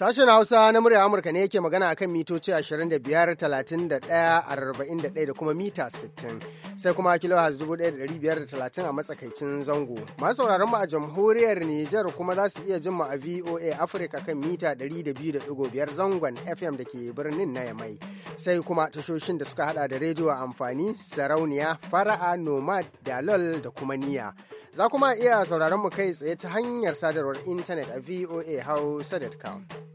Sashen Hausa na murya Amurka ne yake magana a kan mitoci 25, 31, 41 da kuma mita 60, sai kuma kilo 1530 a matsakaicin zango. Masu sauraron mu a jamhuriyar Nijar kuma za su iya jin mu a VOA Africa kan mita 200.5 zangon FM da ke birnin na Yamai. Sai kuma tashoshin da suka hada da rediyo amfani, sarauniya, fara'a, nomad, dalol da kuma niya. Za kuma iya sauraron mu kai tsaye ta hanyar sadarwar intanet a VOA Hausa.com.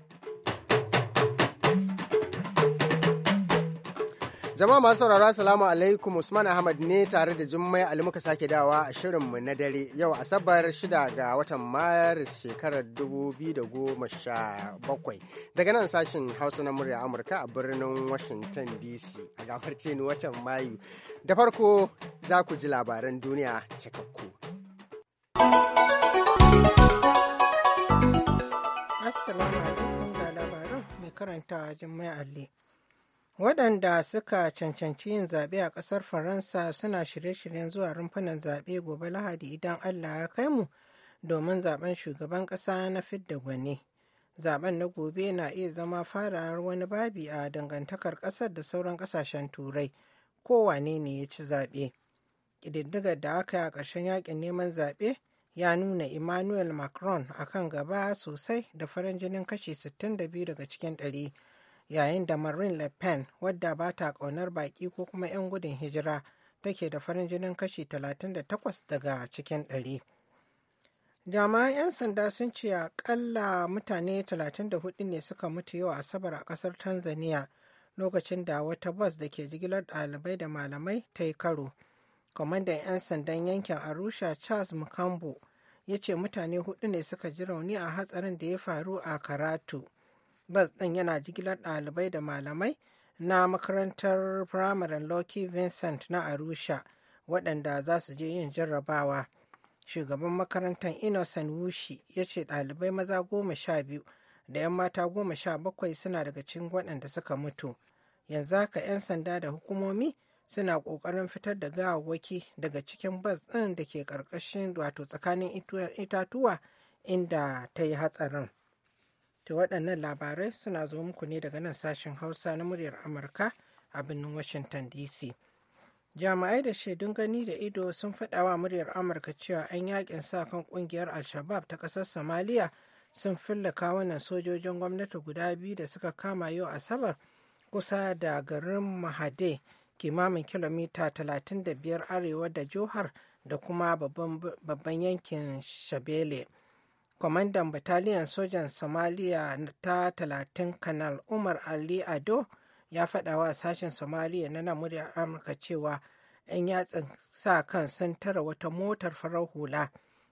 Jama'a masu saurara salamu alaikum Usman Ahmad ne tare da Jummai Ali muka sake dawa a shirinmu na dare yau Asabar shida ga watan Maris shekarar 2017 daga nan sashin Hausa na murya Amurka a birnin Washington DC a gafarce ni watan Mayu. Da farko za ku ji labaran duniya cikakku. Assalamu alaikum ga labaran mai karanta Jummai Ali. waɗanda suka cancanci yin zaɓe a ƙasar faransa suna shirye-shiryen zuwa rumfunan zaɓe gobe lahadi idan allah ya kai mu domin zaɓen shugaban ƙasa na fidda gwani Zaɓen na gobe na iya zama farar wani babi a dangantakar ƙasar da sauran ƙasashen turai kowane ne ya ci zaɓe ƙididdigar da aka yi a ƙarshen yaƙin neman zaɓe ya nuna emmanuel macron akan gaba sosai da farin jinin kashi 62 daga cikin ɗari. yayin da Marine Le Pen wadda ba ta ƙaunar baƙi ko kuma 'yan gudun hijira take da farin jinin kashi 38 daga cikin ɗari. Jama'an 'yan sanda sun ce akalla mutane 34 ne suka mutu yau asabar a ƙasar tanzania lokacin da wata bas da ke jigilar ɗalibai da malamai ta yi karo kwamandan 'yan sandan yankin arusha charles mukambo ya ce mutane hudu ne suka ji rauni a hatsarin da ya faru a karatu bas ɗin yana jigilar ɗalibai da malamai na makarantar firamaren Lucky Vincent na Arusha waɗanda za su je yin jarrabawa. Shugaban makarantar Innocent Wushi ya ce ɗalibai maza goma sha biyu da 'yan mata goma sha bakwai suna daga cikin waɗanda suka mutu. Yanzu haka 'yan sanda da hukumomi suna ƙoƙarin fitar da gawawwaki daga cikin bas ɗin da ke ƙarƙashin wato tsakanin itatuwa inda ta yi hatsarin. To waɗannan labarai suna zo muku ne daga nan sashen Hausa na muryar Amurka a birnin Washington DC. Jami'ai da shaidun gani da ido sun faɗa wa muryar Amurka cewa 'yan yakin sa kan ƙungiyar Al-Shabaab ta ƙasar Somalia sun filla kawunan sojojin gwamnati guda biyu da suka kama yau Asabar kusa da garin Mahade kimamin kilomita 35 arewa da Johar da kuma babban yankin Shabele. kwamandan bataliyan sojan Somalia ta Talatin kanal umar ali ado ya faɗa wa sashen Somalia na nan muryar amurka cewa 'yan yatsan sa kan sun tara wata motar farar hula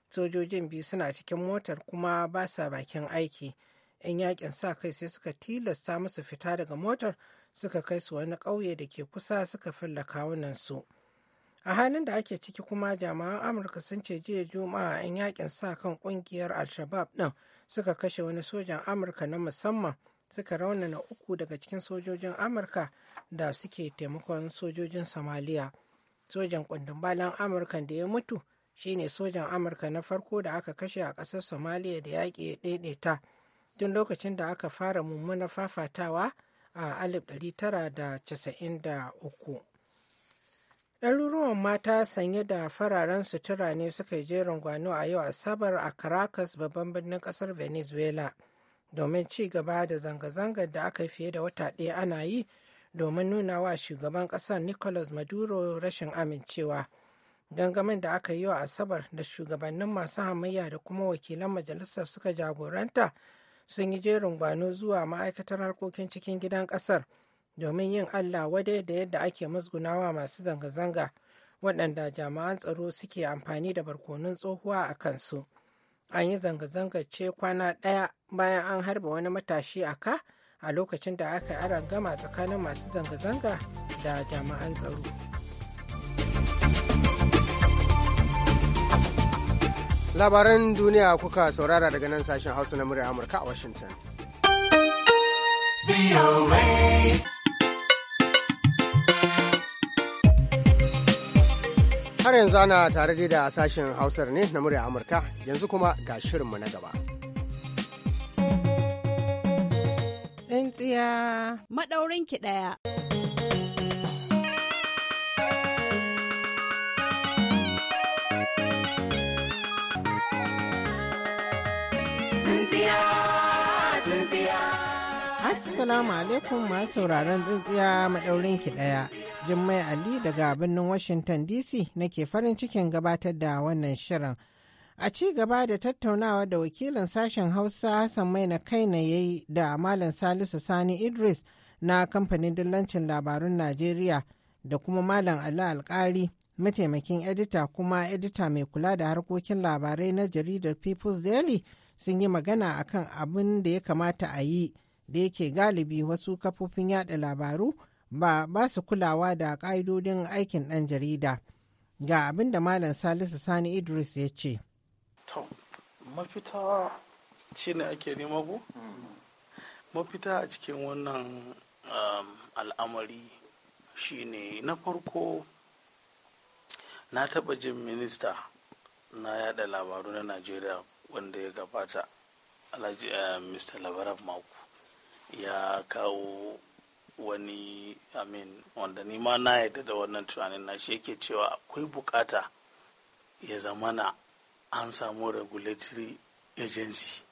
sojojin biyu suna cikin motar kuma ba sa bakin aiki 'yan yakin sa kai sai suka tilasta musu fita daga motar suka kai su wani ƙauye da ke kusa suka fallaka wannan su. a halin da ake ciki kuma jama'an amurka sun ce jiya juma'a in yakin sa kan kungiyar al-shabab din suka kashe wani sojan amurka na musamman suka raunana uku daga cikin sojojin amurka da suke taimakon sojojin somaliya sojan kundin balan amurka da ya mutu shine sojan amurka na farko da aka kashe a ƙasar somaliya da yaƙi ya daidaita tun lokacin da aka fara mummunar fafatawa a 1993 ɗaruruwan mata sanye da fararen sutura ne suka je rungwano a yau asabar a caracas babban birnin ƙasar venezuela domin ci gaba da zanga-zangar da aka yi fiye da wata ɗaya ana yi domin nuna wa shugaban ƙasar nicolas maduro rashin amincewa gangamin da aka yi wa asabar da shugabannin masu hamayya da kuma wakilan majalisar suka jagoranta sun yi jerin gwano zuwa ma'aikatar harkokin cikin gidan ƙasar. domin yin allah wadai da yadda ake musgunawa masu zanga-zanga waɗanda jama'an tsaro suke amfani da barkonun tsohuwa a kansu an yi zanga-zanga ce kwana ɗaya bayan an harba wani matashi a ka a lokacin da aka yi gama tsakanin masu zanga-zanga da jama'an tsaro labaran duniya kuka saurara daga nan sashen hausa na murya amurka a washington har yanzu ana tare da sashen hausar ne na murya amurka yanzu kuma ga shirinmu na gaba tsintsiya Maɗaurin maɗaurinki ɗaya Assalamu alaikum masu sauraron tsintsiya maɗaurin ki ɗaya. Jummai Ali daga birnin Washington DC nake farin cikin gabatar da wannan shirin. A ci gaba da tattaunawa da wakilin sashen Hausa Hassan na kai na yayi da Malam Salisu Sani Idris na kamfanin dillancin labarun Najeriya da kuma Malam Ali Alkari, mataimakin edita kuma edita mai kula da harkokin labarai na jaridar People's Daily sun yi magana akan abin da ya kamata a yi da yake galibi wasu kafofin yada labaru. ba ba su kulawa da ƙa'idodin aikin ɗan jarida ga abin da malam salisu sani idris ya ce to mafita shi ne ake nema ku mafita a cikin wannan um, al'amari shi ne na farko na taɓa jin minista na yada labaru na najeriya wanda ya gabata alhaji eh, mr labarab mako ya kawo wani amin wanda ni ma na yadda da wannan tunanin na shi yake cewa akwai bukata ya zamana an samu regulatory agency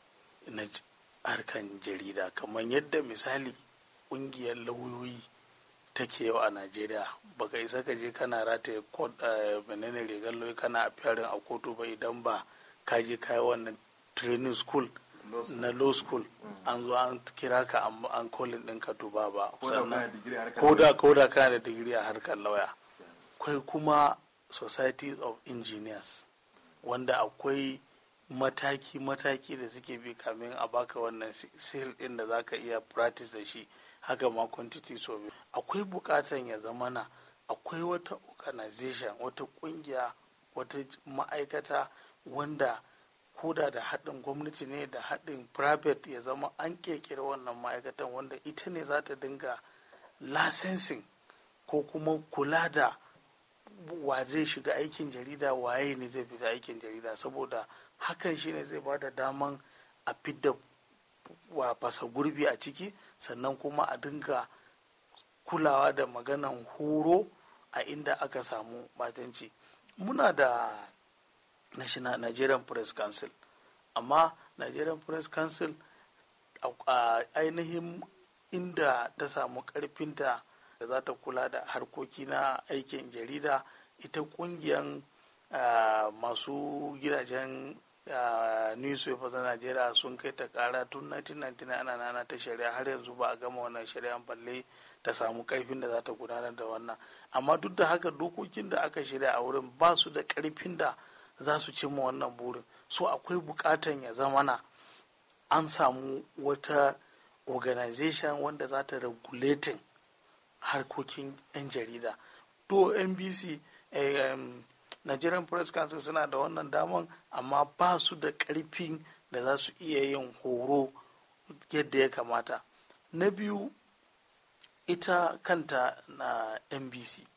na harkan jarida kamar yadda misali kungiyar lauyoyi take yau a najeriya baka isa ka je kana rataye eh, menene rigar lauyi kana a fiyarin a kotu ba idan ba ka je kayi wannan training school na law school an zo an kira ka an kolin din ka ba ba sannan ko da kana da digiri a harkar lauya akwai kuma society of engineers wanda akwai mataki-mataki da suke bi kamin a baka wannan sihir ɗin da zaka iya practice da shi haka ma quantity so akwai bukatan ya zamana akwai wata organization wata kungiya wata ma'aikata wanda koda da haɗin gwamnati ne da haɗin private ya zama an ƙirƙiri wannan ma'aikatan wanda ita ne za ta dinga lasensin ko kuma kula da wa shiga aikin jarida waye ne zai fita aikin jarida saboda hakan shi ne zai ba da daman a fidda wa fasa gurbi a ciki sannan kuma a dinga kulawa da maganan horo a inda aka samu batanci muna da national nigerian press council amma nigerian press council a ainihin inda ta samu karfinta da za ta kula da harkoki na aikin jarida ita kungiyan masu gidajen newspapers na najeriya sun kai ta kara tun 1999 ana nana ta shari'a har yanzu ba a gama wannan shari'a balle ta samu karfin da za ta gudanar da wannan amma duk da haka dokokin da aka shirya a wurin ba su da karfin da za su cimma wannan burin so akwai bukatan ya zamana an samu wata organization wanda za ta regulating harkokin 'yan jarida to nbc eh, um, nigerian press council suna da wannan daman amma ba su da karfin da za su iya yin horo yadda ya kamata na biyu ita kanta na nbc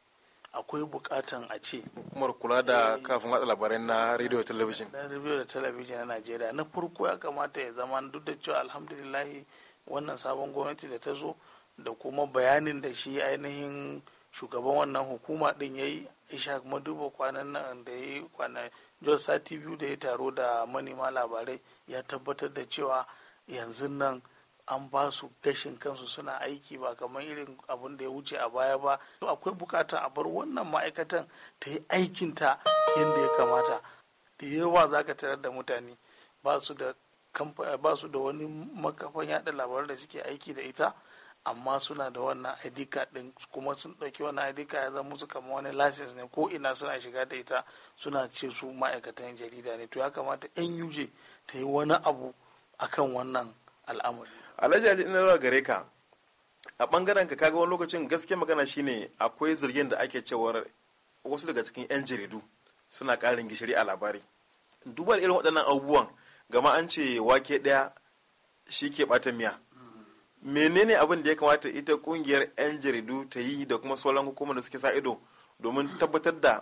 akwai bukatan a ce hukumar kula da kafin watsa labarai na radio da television na radio da television na najeriya na farko ya kamata ya zama duk da cewa alhamdulillahi wannan sabon gwamnati da ta zo da kuma bayanin da shi ainihin shugaban wannan hukuma din ya yi ishaq maduba kwanan nan da ya yi kwanan jos sati biyu da ya taro da manema labarai ya tabbatar da cewa yanzu nan an ba su gashin kansu suna aiki ba kamar irin abin da ya wuce a baya ba to akwai bukata a bar wannan ma'aikatan ta yi aikinta yadda ya kamata da yawa za ka tarar da mutane ba su da wani makafan yada labarai da suke aiki da ita amma suna da wannan ID card din kuma sun ɗauki wannan ID card ya zama musu kamar wani license ne ko ina suna shiga da ita suna ce su ma'aikatan jarida ne to ya kamata yuje ta yi wani abu akan wannan al'amari alhaji ali ina gare ka a bangaren ka kaga wani lokacin gaske magana shine akwai zargin da ake cewar wasu daga cikin yan jaridu suna karin gishiri a labari duba irin waɗannan abubuwan gama an ce wake ɗaya shi ke ɓata miya menene abin da ya kamata ita ƙungiyar yan jaridu ta yi da kuma sauran hukumar da suke sa ido domin tabbatar da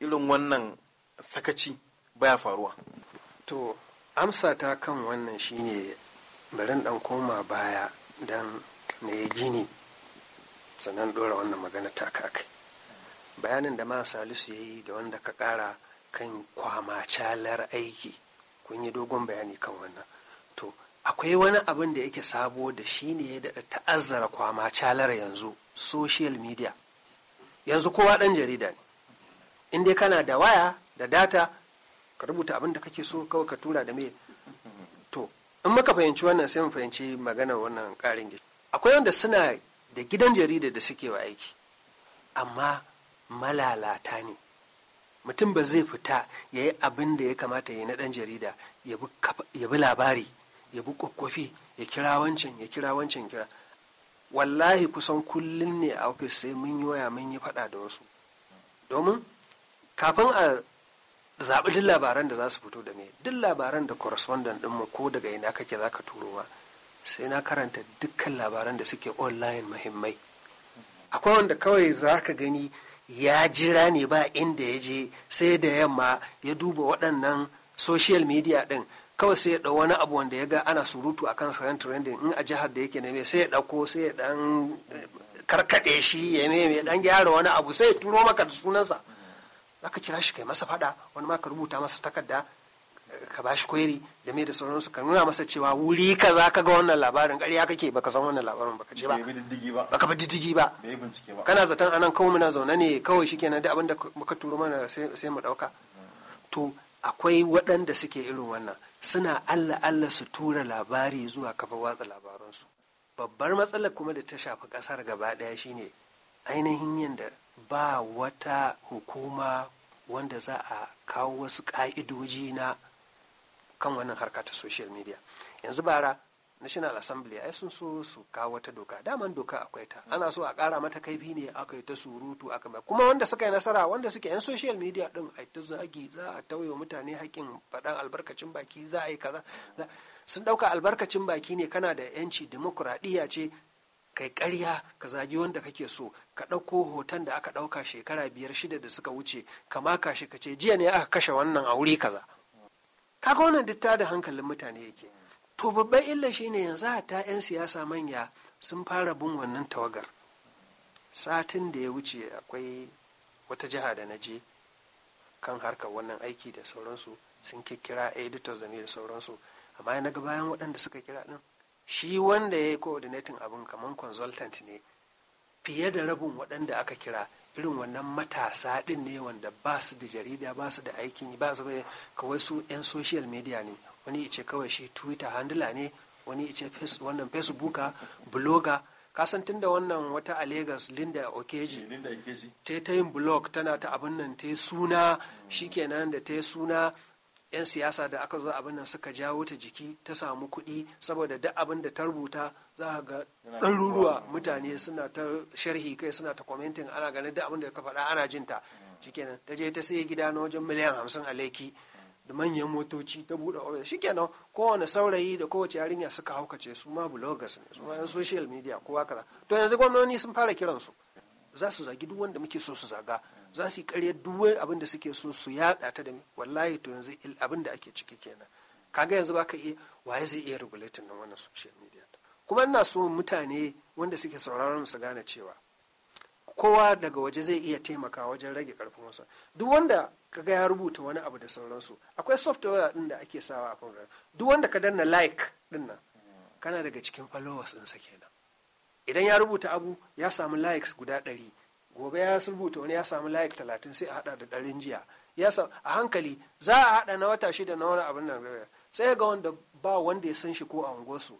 irin wannan sakaci baya faruwa to amsa ta kan wannan shine bari dan koma baya don na ya gini sannan dora wannan magana ta kai bayanin da ma salisu ya yi da wanda ka kara kan kwamacalar aiki kun yi dogon bayani kan wannan to akwai wani abin da yake sabo da shi ne ya daɗa ta'azzara kwamacalar yanzu social media yanzu kowa ɗan jarida ne in dai kana da waya da data ka rubuta abin da kake so kawai ka tura da mai in muka fahimci wannan sai mu fahimci maganar wannan karin gishiri akwai wanda suna da gidan jarida da suke wa aiki amma malalata ne mutum ba zai fita ya yi abin da ya kamata ya yi na dan jarida ya bi labari ya bi kwakwafi ya kira wancan ya kira wancan kira wallahi kusan kullum ne a ofis sai mun yi waya mun yi faɗa da wasu domin kafin a zaɓi duk labaran da za su fito da me duk labaran da correspondent ɗinmu ko daga ina kake zaka ka turo ma sai na karanta dukkan labaran da suke online muhimmai akwai wanda kawai zaka gani ya jira ne ba inda ya je sai da yamma ya duba waɗannan social media ɗin kawai sai ya ɗau wani abu wanda ya ga ana surutu akan sayan trending in a jihar da yake ne sai ya ɗauko sai ya ɗan karkaɗe shi ya mai ɗan gyara wani abu sai ya turo maka da sunansa zaka kira shi kai masa fada wani ma ka rubuta masa takarda ka bashi kweri da me da sauransu ka nuna masa cewa wuri kaza ka ga wannan labarin ƙarya kake baka san wannan labarin baka ce ba baka bi diddigi ba kana zaton anan kawai muna zaune ne kawai shi kenan da abin da muka turo mana sai mu ɗauka. to akwai waɗanda suke irin wannan suna allah allah su tura labari zuwa kafa watsa labaransu babbar matsalar kuma da ta shafi ƙasar gaba ɗaya shine ainihin yadda ba wata hukuma wanda za a kawo wasu ka'idoji na kan wannan harka ta social media yanzu bara national assembly ai sun so su kawo wata doka daman doka akwai ta ana so a kara mata kaifi ne aka yi ta surutu aka mai kuma wanda suka yi nasara wanda suke yan social media din ai ta zagi za a tauye mutane haƙƙin faɗan albarkacin baki za a yi kaza sun ɗauka albarkacin baki ne kana da yanci demokuraɗiyya ce kai karya ka zagi wanda kake so ka ɗauko hoton da aka ɗauka shekara biyar shida da suka wuce kama ka shi ka ce jiya ne aka kashe wannan a wuri kaza kaga wannan duk da hankalin mutane yake to babban illa shine yanzu ta 'yan siyasa manya sun fara bin wannan tawagar satin da ya wuce akwai wata jiha da na je kan harkar wannan aiki da sauransu sun kikkira editor da ne da sauransu amma na ga bayan waɗanda suka kira ɗin shi wanda ya yi coordinating abin kamar consultant ne fiye da rabin waɗanda aka kira irin wannan matasa ɗin ne wanda ba su da jarida ba su da aikin ba su da kawai su 'yan social media ne wani ice kawai shi twitter handler ne wani ice wannan facebook blogger kasan da wannan wata a lagos linda okeji eh, ta yin blog tana ta abin nan ta suna kenan da ta suna 'yan siyasa da aka zo abin nan suka jawo ta jiki ta samu kuɗi saboda duk abin da ta rubuta za a ga ɗaruruwa mutane suna ta sharhi kai suna ta commenting ana ganin duk abin da ka faɗa ana jin ta shikenan ta je ta sai gida na wajen miliyan hamsin a laiki da manyan motoci ta buɗe ofis shikenan kowane saurayi da kowace yarinya suka haukace su ma bloggers ne su ma yan social media kowa kaza to yanzu gwamnoni sun fara kiransu za su zagi duk wanda muke so su zaga za su yi karyar duk abinda da suke so su yada ta da wallahi to yanzu abin da ake ciki kenan kaga yanzu baka iya waye zai iya regulating nan wannan social media kuma ina so mutane wanda suke sauraron su gane cewa kowa daga waje zai iya taimaka wajen rage karfin wasu duk wanda kaga ya rubuta wani abu da sauransu akwai software din da ake sawa a kan duk wanda ka danna like din nan kana daga cikin followers din sa kenan idan ya rubuta abu ya samu likes guda ɗari gobe ya rubuta wani ya samu layik talatin sai a hada da ɗarin jiya ya a hankali za a hada na wata shida na wani abin nan sai ga wanda ba wanda ya san shi ko a unguwarsu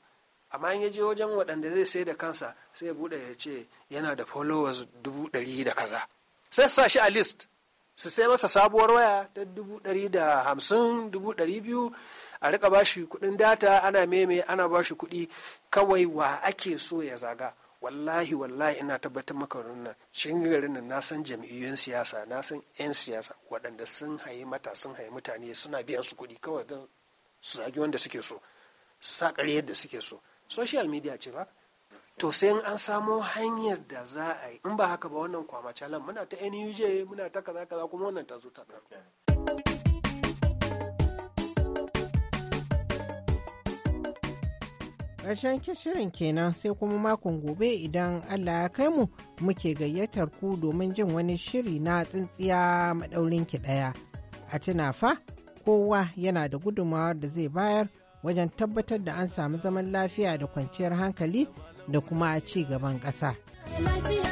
amma in ya je wajen waɗanda zai sai da kansa sai ya buɗe ya ce yana da followers dubu ɗari da kaza sai sa shi a list su sai masa sabuwar waya ta dubu ɗari da hamsin dubu ɗari biyu a rika bashi kuɗin data ana meme ana ba kuɗi kawai wa ake so ya zaga wallahi wallahi ina tabbatar maka wannan cikin garin nan na san jam'iyyun siyasa na san 'yan siyasa waɗanda sun hayi mata sun hayi mutane suna biyan su kuɗi kawai don su zagi wanda suke so su sa ƙarya yadda suke so social media ce ba to sai an samo hanyar da za a yi in ba haka ba wannan kwamacalan muna ta nuj muna ta kaza kaza kuma wannan ta zo ta ƙarshen shirin kenan sai kuma makon gobe idan Allah ya kai mu muke gayyatar ku domin jin wani shiri na tsintsiya maɗaurin ki ɗaya. A tuna fa kowa yana da gudunmawar da zai bayar wajen tabbatar da an samu zaman lafiya da kwanciyar hankali da kuma ci gaban ƙasa. Lafiya.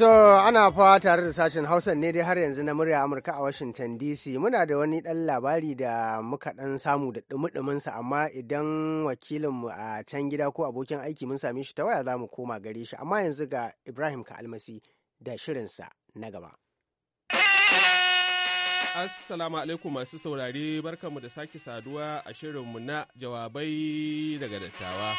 To ana fawa tare da sashen Hausan ne dai har yanzu na murya Amurka a Washington DC muna da wani ɗan labari da muka ɗan samu da ɗumi sa amma idan wakilinmu a can gida ko abokin aiki mun same shi ta waya za mu koma gare shi amma yanzu ga Ibrahim ka almasi da shirinsa na gaba. Assalamu alaikum masu saurari barkamu da sake saduwa a shirin mu na jawabai daga dattawa.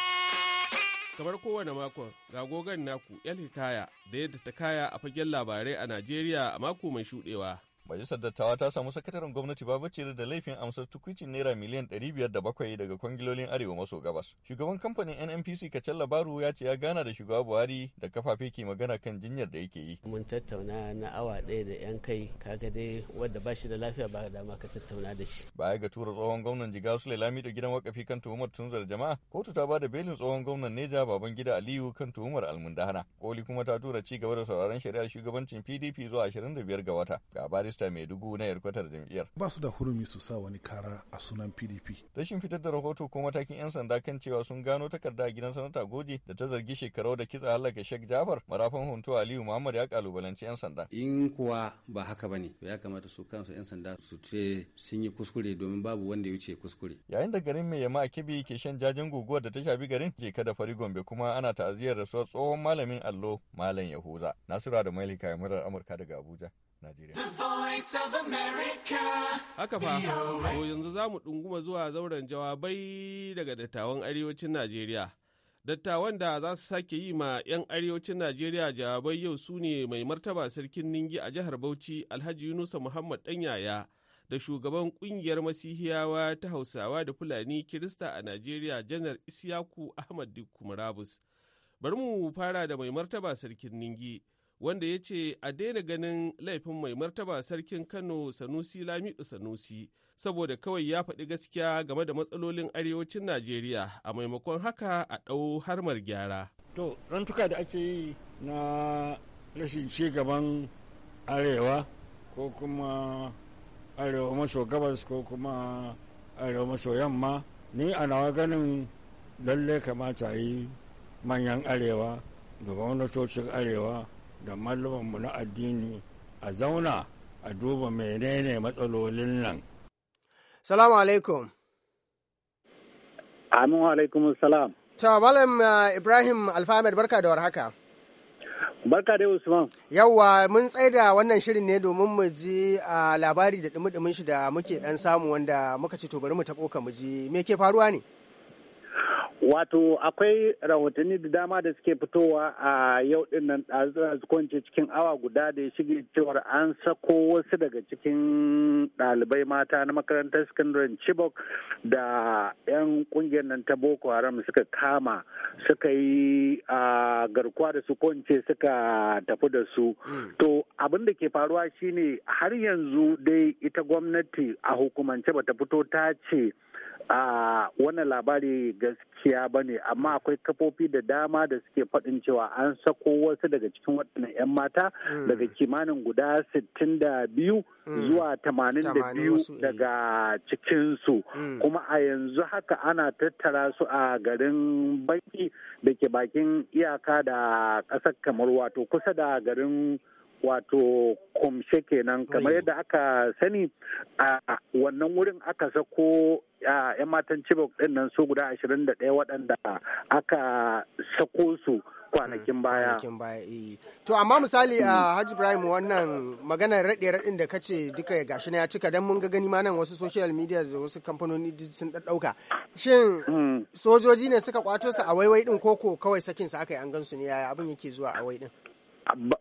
kamar kowane makon ga gogon naku yan hikaya da yadda ta kaya a fagen labarai a najeriya a mako mai shudewa Majalisar Dattawa ta samu sakataren gwamnati Babacir da laifin amsar tukwicin naira miliyan 507 daga kwangilolin Arewa maso gabas. Shugaban kamfanin NNPC kacal labaru ya ce ya gana da shugaba Buhari da kafafe ke magana kan jinyar da yake yi. Mun tattauna na awa ɗaya da 'yan kai kaga dai wanda ba shi da lafiya ba dama ka tattauna da shi. Baya ga tura tsohon gwamnan su lami da gidan wakafi kan tuhumar tunzar jama'a, kotu ta ba da belin tsohon gwamnan Neja baban gida Aliyu kan tuhumar almundahana. Koli kuma ta tura ci gaba da sauraron shari'ar shugabancin PDP zuwa 25 ga wata. Ga barista mai dubu na yarkwatar jam'iyyar. Ba su da hurumi su sa wani kara a sunan PDP. Rashin fitar da rahoto ko matakin 'yan sanda kan cewa sun gano takarda a gidan sanata Goje da ta zargi shekarau da kitsa halaka Sheikh Jafar marafan hunto Aliyu Muhammad ya kalubalanci 'yan sanda. In kuwa ba haka ba ne ya kamata su kansu 'yan sanda su ce sun yi kuskure domin babu wanda ya wuce kuskure. Yayin da garin mai yama kibi ke shan jajen guguwar da ta shafi garin ke kada fari Gombe kuma ana ta'aziyar rasuwar tsohon malamin allo Malam Yahuza. Nasura da Mailika Yamurar Amurka daga Abuja. Najeriya. Haka fa, to yanzu za mu ɗunguma zuwa zauren jawabai daga dattawan arewacin Najeriya. Dattawan da za su sake yi ma 'yan arewacin Najeriya jawabai yau su ne mai martaba sarkin Ningi a jihar Bauchi Alhaji Yunusa Muhammad yaya da shugaban kungiyar Masihiyawa ta Hausawa da Fulani Kirista a Najeriya Janar isyaku Ahmad dikumarabus Bari mu fara da mai martaba sarkin Ningi. wanda ya ce a daina ganin laifin mai martaba sarkin Kano Sanusi Lamidu Sanusi saboda kawai ya faɗi gaskiya game da matsalolin arewacin Najeriya a maimakon haka a ɗau harmar gyara. To, rantuka da ake yi na rashin ci gaban arewa ko kuma arewa maso gabas ko kuma arewa maso yamma ni a nawa ganin lalle kamata yi manyan arewa da gwamnatocin arewa da mu na addini a zauna a duba menene matsalolin nan. Salamu alaikum. Amin alaikum salam. Ta Malam uh, Ibrahim Alfahamed barka da warhaka. Barka da Usman. Yawwa mun tsaida wannan shirin ne domin mu ji uh, labari da dumi-dumin shi da muke ɗan samu wanda muka ci to bari mu taɓo ka mu ji me ke faruwa ne? wato akwai rahotanni da dama da suke fitowa a yau din nan kwanci cikin awa guda da ya shige cewar an sako wasu daga cikin ɗalibai mata na makarantar sakandaren chibok da 'yan kungiyar nan ta boko haram suka kama suka yi garkuwa da su kwance suka tafi da su mm. to abin da ke faruwa shine har yanzu dai ita gwamnati a hukumance bata fito ta ce a wannan labari gaskiya ba ne amma akwai kafofi da dama da suke faɗin cewa an sako wasu daga cikin waɗannan 'yan mata hmm. daga kimanin guda 62 hmm. zuwa 82 hmm. daga cikinsu kuma a yanzu haka ana tattara su a garin banki da ke bakin iyaka da ƙasar kamar wato kusa da garin wato kumshe kenan kamar yadda aka sani a wannan wurin aka sako yan matan cibok din nan su guda 21 waɗanda aka sako su kwanakin mm, baya. Eh. To amma misali a Hajji Ibrahim wannan maganar raɗe raɗin da kace duka gashi na ya cika don mun ga gani ma nan wasu social media da wasu kamfanoni sun ɗauka. Shin mm. sojoji ne suka kwato su a waiwai din koko kawai sakin su aka yi an gan ne yaya abin yake zuwa a wai din.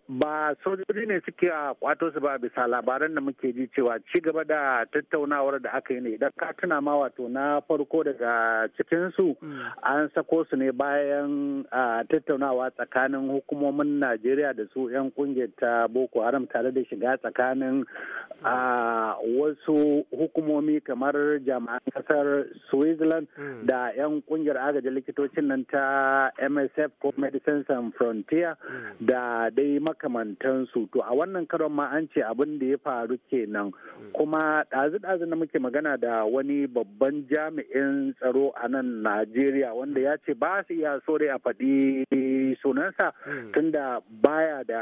ba sojoji ne suke a kwato su ba bisa labaran da muke ji cewa ci gaba da tattaunawar da aka yi ne idan ka tuna ma wato na farko daga cikinsu mm. an sako su ne bayan tattaunawa tsakanin hukumomin najeriya da su 'yan kungiyar ta boko haram tare da shiga tsakanin wasu hukumomi kamar jami'an kasar switzerland mm. da 'yan kungiyar agajin likitocin nan ta msf ko medicines and frontier mm. da dai makamantansu to a wannan karon ma an ce abin da ya faru kenan mm. kuma ɗazu-ɗazu na muke magana da wani babban jami'in tsaro a nan najeriya wanda ya ce ba su iya so a faɗi sunansa mm. tunda baya da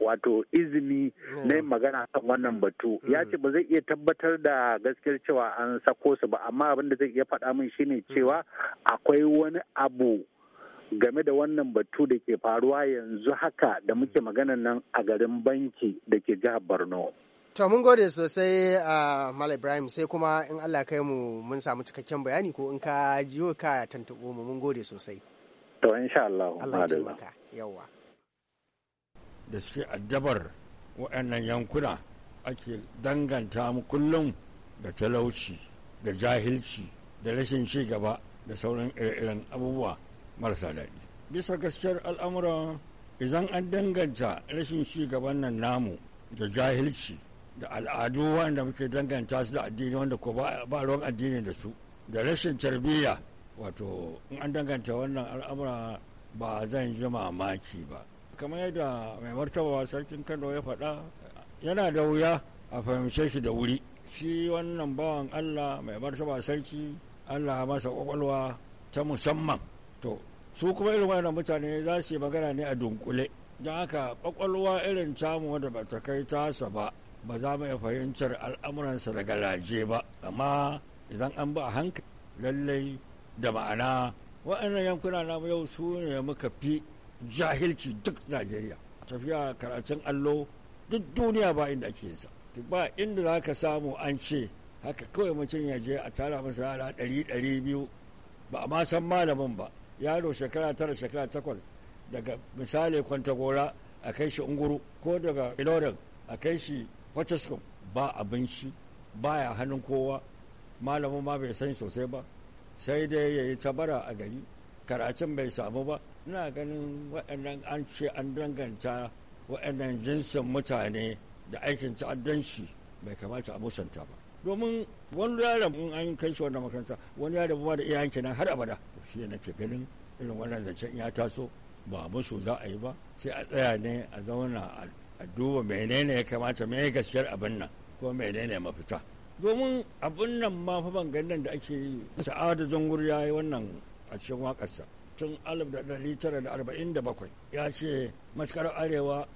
wato izini na magana kan wannan batu mm. ya ce ba zai iya tabbatar da gaskiyar cewa an sako su ba amma abin da zai iya faɗa min shine cewa akwai wani abu game da wannan batu da ke faruwa yanzu haka da muke magana nan a garin banki da ke jihar borno to mun gode sosai a mal ibrahim sai kuma in allah kai mu mun samu cikakken bayani ko in ka jiyo ka tantubo mu mun gode sosai to insha allah allah ya taimaka yawa da suke addabar waɗannan yankuna ake danganta mu kullum da talauci da jahilci da rashin ci gaba da sauran ire-iren abubuwa marasa daɗi bisa gaskiyar al'amura idan an danganta rashin ci gaban nan namu da jahilci da al'adu wanda muke danganta su da addini wanda ko ba ruwan addini da su da rashin tarbiyya wato in an danganta wannan al'amura ba zan ji mamaki ba kamar yadda mai martaba sarkin kano ya faɗa yana da wuya a fahimce shi da wuri shi wannan bawan allah mai martaba sarki allah masa kwakwalwa ta musamman to su kuma irin wannan mutane za su yi magana ne a dunkule don haka kwakwalwa irin tamu wanda ba ta kai tasa ba ba za mu iya fahimtar al'amuransa daga laje ba amma idan an ba a hankali lallai da ma'ana waɗannan yankuna namu yau su ne muka fi jahilci duk najeriya tafiya karatun allo duk duniya ba inda ake yinsa ba inda za ka samu an ce haka kawai mutum ya je a tara masa yara ɗari ɗari biyu ba a ma san malamin ba yaro shekara tara shekara takwas daga misali kwantagora a kai shi unguru ko daga ilorin a kai shi wacescom ba abinci ya hannun kowa malamin ma bai san sosai ba sai dai ya yi tabara a gari karacin bai samu ba ina ganin waɗannan an ce an danganta waɗannan jinsin mutane da aikin ta'addanci bai kamata a musanta ba domin wani yaron in an kai shi wannan makaranta wani yaron ba da iyayen kenan har abada shi ne nake ganin irin wannan zancen ya taso ba musu za a yi ba sai a tsaya ne a zauna a duba menene ya kamata me gaskiyar abin nan ko menene mafita domin abin nan ma fa ban ganin da ake yi sa'adu zangur ya yi wannan a cikin wakarsa tun 1947 ya ce maskar arewa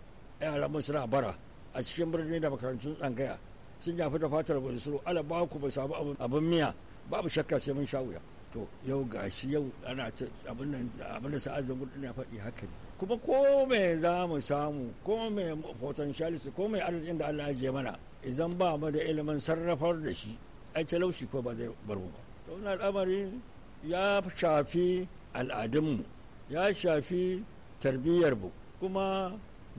yara musu bara a cikin birni da makarantun tsangaya sun yafi da fatar bunsuru ala ba ku ba samu abin miya babu shakka sai mun sha wuya to yau ga shi yau ana ce abin da sa'ad da gudu na faɗi haka ne kuma ko me za mu samu ko me potentialist ko me arzikin da Allah ya mana idan ba mu da ilimin sarrafar da shi ai talauci ko ba zai bar mu ba to wannan al'amari ya shafi al'adunmu ya shafi tarbiyyarmu kuma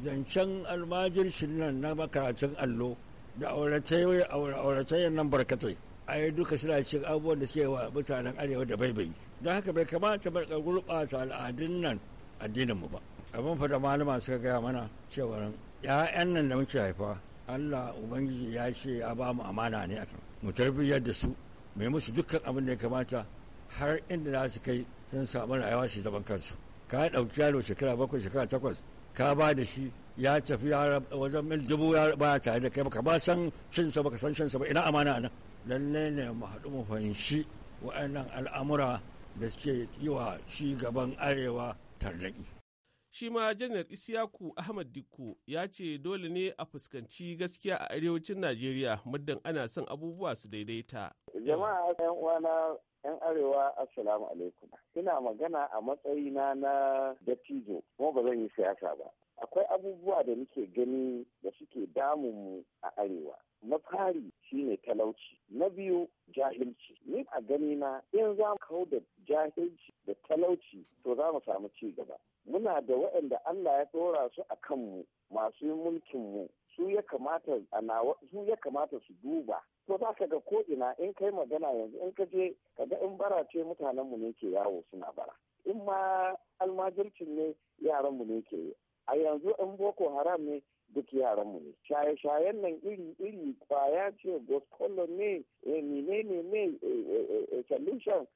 zancen almajirshin nan na makaratun allo da auratayyar nan barkatai a yi duka suna cin abubuwan da suke wa mutanen arewa da baibayi don haka bai kamata mu gurɓata al'adun nan addinin mu ba abin fa da malama suka gaya mana cewa ya'yan nan da muke haifa Allah ubangiji ya ce ya ba mu amana ne a mu tarbiyyar da su mai musu dukkan abin da ya kamata har inda za su kai sun samu rayuwa su zaman kansu ka ɗauki yaro shekara bakwai shekara takwas ka ba da shi ya tafi wajen mil dubu ya ba tare da kai ka ba san ba ka san shan ba ina amana nan lallai ne mu haɗu mu fahimci wa'annan al'amura da suke yi wa ci gaban arewa tarraki. Shi ma janar Isiyaku Ahmad Dikko ya ce dole ne a fuskanci gaskiya a arewacin Najeriya muddin ana son abubuwa su daidaita. Jama'a 'yan uwana 'Yan Arewa Assalamu alaikum. Ina magana a matsayina na dattijo, kuma ba zan yi siyasa ba. Akwai abubuwa da nake gani da suke mu a Arewa. Na fari shine talauci, na biyu jahilci. Ni a ganina in za mu kawo da jahilci da talauci to za mu samu ci gaba. Muna da waɗanda Allah ya ɗora su a kanmu masu mulkin mu. su ya kamata su duba to za ka ga ko ina in kai magana yanzu in ka je ka ga in bara ce mutanen mu ne ke yawo suna bara in ma almajircin ne yaran mu ne ke a yanzu in boko haram ne duk yaran mu ne shaye-shayen nan iri-iri kwaya ce goskolo ne eh, mine ne ne eh, eh, solution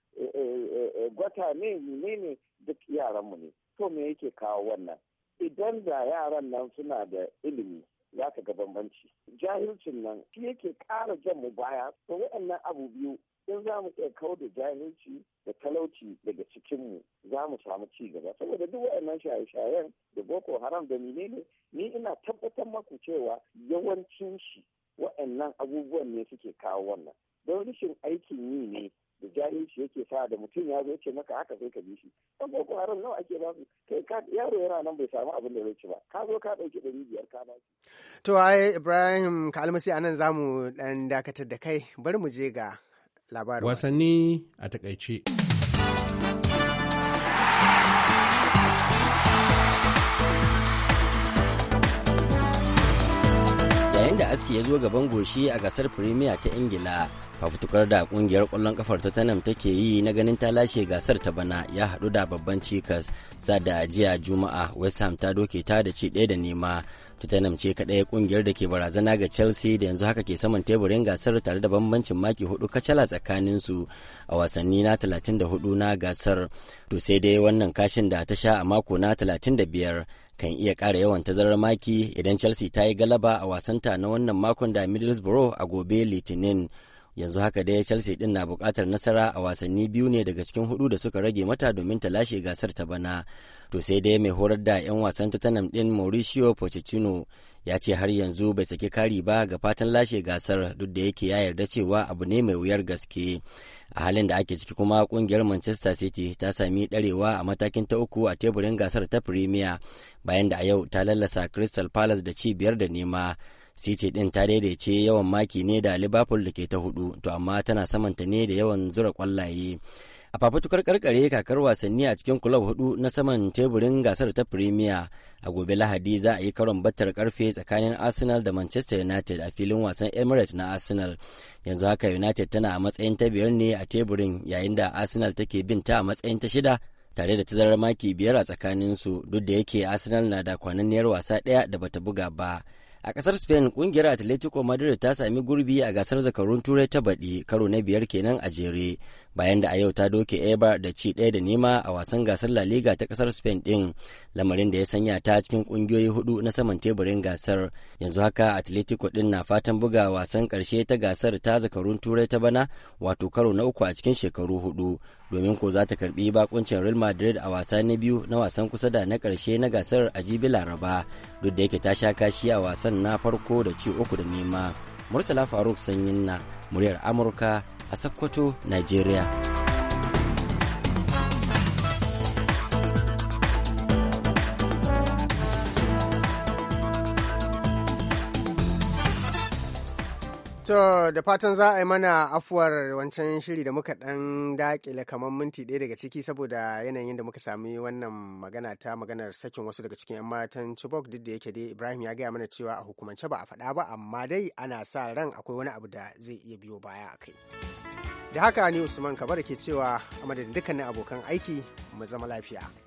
gwata ne mine ne duk yaran mu ne to me yake kawo wannan idan da yaran nan suna da ilimi za ka ga bambanci jahilcin nan shi yake ƙara jan mu baya ta waɗannan abu biyu in za mu iya kau da jahilci da talauci daga cikinmu za mu samu ci gaba saboda duk waɗannan shaye-shayen da boko haram da menene ni ina tabbatar maku cewa yawancin shi waɗannan abubuwan ne suke kawo wannan don rashin aikin yi ne da jahilci yake sa da mutum ya zo ce maka haka sai ka bi shi ɗan boko haram nawa ake ba su kai ka yaro yana nan bai samu abin da zai ci ba ka zo ka ɗauki ɗari biyar ka ba to ai ibrahim ka almasi anan zamu ɗan dakatar da kai bari mu je ga labarin wasanni a takaice aski ya zo gaban goshi a gasar firimiya ta Ingila. Fafutukar da kungiyar kwallon kafar Tottenham take yi na ganin ta lashe gasar ta bana ya haɗu da babban cikas sada jiya Juma'a West Ham ta doke ta da ci ɗaya da nema. Tottenham ce kaɗai kungiyar da ke barazana ga Chelsea da yanzu haka ke saman teburin gasar tare da bambancin maki hudu kacala tsakanin su a wasanni na 34 na gasar. To sai dai wannan kashin da ta sha a mako na 35 kan iya ƙara yawan tazarar maki idan Chelsea ta yi galaba a wasanta na wannan makon da Middlesbrough a gobe Litinin. yanzu haka dai chelsea din na bukatar nasara a wasanni biyu ne daga cikin hudu da suka rage mata domin ta lashe gasar ta bana to sai dai mai horar da 'yan wasan tottenham din mauricio pochettino ya ce har yanzu bai saki kari ba ga fatan lashe gasar duk da yake ya yarda cewa abu ne mai wuyar gaske a halin da ake ciki kuma kungiyar manchester city ta sami darewa a matakin ta uku a teburin gasar ta premier bayan da a yau ta lallasa crystal palace da ci biyar da nema City din ta daidaice yawan maki ne da Liverpool da ke ta hudu, to amma tana samanta ne da yawan zura kwallaye. A fafutukar karkare kakar wasanni a cikin kulab hudu na saman teburin gasar ta Premier, a gobe Lahadi za a yi karon battar karfe tsakanin Arsenal da Manchester United a filin wasan Emirates na Arsenal. Yanzu haka United tana a matsayin ta biyar ne a teburin yayin da Arsenal take bin ta a matsayin ta shida tare da tazarar maki biyar a tsakaninsu duk da yake Arsenal na da kwananniyar wasa ɗaya da bata buga ba. A ƙasar Spain ƙungiyar Atletico Madrid ta sami gurbi a gasar zakarun Turai ta baɗi karo na biyar kenan a jere bayan da a yau ta doke Eibar da ci ɗaya da nema a wasan gasar La Liga ta kasar Spain ɗin lamarin da ya sanya ta cikin ƙungiyoyi hudu na saman teburin gasar. Yanzu haka Atletico ɗin na fatan buga wasan karshe ta gasar ta zakarun Turai ta bana wato karo na uku a cikin shekaru hudu domin ko za ta karbi bakuncin real madrid a wasa na biyu na wasan kusa da na karshe na gasar a jibi laraba duk da yake ta sha kashi a wasan na farko da ci uku da nema murtala faruk sanyin na muryar amurka a sokoto nigeria To da fatan za a yi mana afuwar wancan shiri da muka ɗan dakile kamar minti ɗaya daga ciki saboda yanayin da muka sami wannan magana ta maganar sakin wasu daga cikin 'yan matan Chibok duk da yake dai Ibrahim ya gaya mana cewa a hukumance ba a faɗa ba amma dai ana sa ran akwai wani abu da zai iya biyo baya a kai. Da haka ni Usman Kabar ke cewa a madadin dukkanin abokan aiki mu zama lafiya.